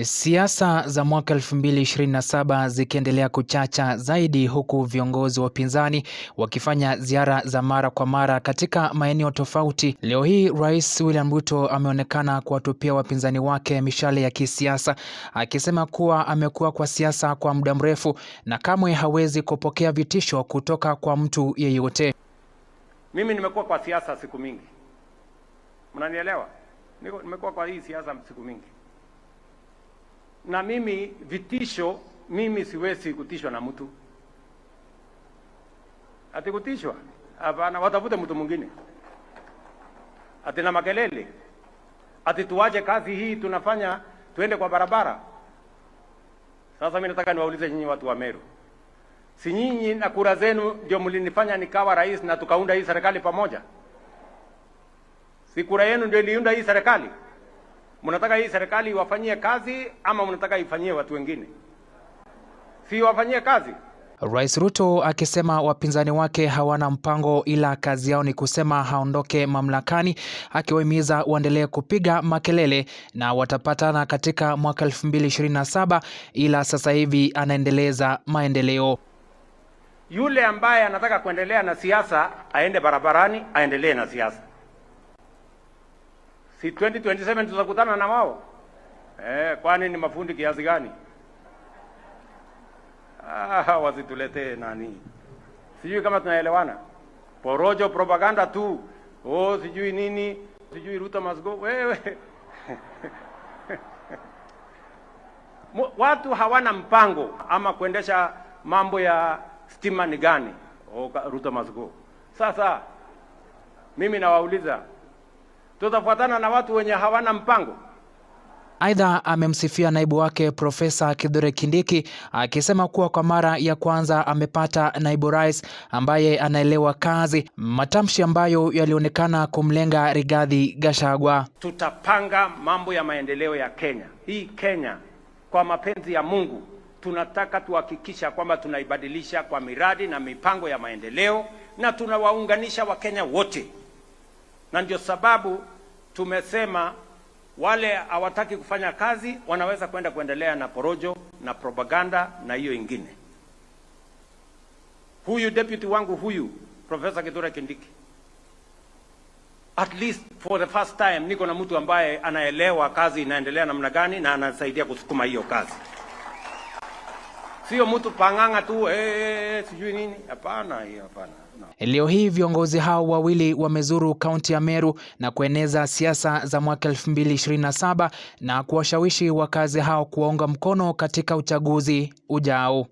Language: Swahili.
Siasa za mwaka 2027 zikiendelea kuchacha zaidi huku viongozi wa upinzani wakifanya ziara za mara kwa mara katika maeneo tofauti. Leo hii Rais William Ruto ameonekana kuwatupia wapinzani wake mishale ya kisiasa, akisema kuwa amekuwa kwa siasa kwa muda mrefu na kamwe hawezi kupokea vitisho kutoka kwa mtu yeyote. Mimi nimekuwa kwa siasa siku mingi, mnanielewa? Nimekuwa kwa hii siasa siku mingi na mimi vitisho, mimi siwezi kutishwa na mtu, ati kutishwa, hapana. Watafute mtu mwingine, ati na makelele, ati tuache kazi hii tunafanya tuende kwa barabara. Sasa mimi nataka niwaulize nyinyi watu wa Meru, si nyinyi na kura zenu ndio mlinifanya nikawa rais na tukaunda hii serikali pamoja? Si kura yenu ndio iliunda hii serikali? mnataka hii serikali iwafanyie kazi ama mnataka ifanyie watu wengine? Si iwafanyie kazi. Rais Ruto akisema wapinzani wake hawana mpango ila kazi yao ni kusema haondoke mamlakani, akiwahimiza waendelee kupiga makelele na watapatana katika mwaka 2027 ila sasa hivi anaendeleza maendeleo. Yule ambaye anataka kuendelea na siasa aende barabarani, aendelee na siasa si 2027 tutakutana na wao eh? Kwani ni mafundi kiasi gani? Ah, wasituletee nani, sijui kama tunaelewana. Porojo, propaganda tu, oh, sijui nini, sijui Ruto must go. Wewe watu hawana mpango ama kuendesha mambo ya stima ni gani? Oh, Ruto must go. Sasa mimi nawauliza tutafuatana na watu wenye hawana mpango. Aidha, amemsifia naibu wake Profesa Kithure Kindiki akisema kuwa kwa mara ya kwanza amepata naibu rais ambaye anaelewa kazi, matamshi ambayo yalionekana kumlenga Rigathi Gachagua. Tutapanga mambo ya maendeleo ya Kenya hii. Kenya kwa mapenzi ya Mungu tunataka tuhakikisha kwamba tunaibadilisha kwa miradi na mipango ya maendeleo, na tunawaunganisha Wakenya wote na ndio sababu tumesema wale hawataki kufanya kazi wanaweza kwenda kuendelea na porojo na propaganda na hiyo ingine. Huyu deputy wangu huyu Profesa Kithure Kindiki, at least for the first time niko na mtu ambaye anaelewa kazi inaendelea namna gani na anasaidia kusukuma hiyo kazi sio mtu pang'ang'a tu eh, eh, eh, sijui nini. Hapana, hiyo hapana. Eh, leo hii viongozi hao wawili wamezuru kaunti ya Meru na kueneza siasa za mwaka 2027 na kuwashawishi wakazi hao kuwaunga mkono katika uchaguzi ujao.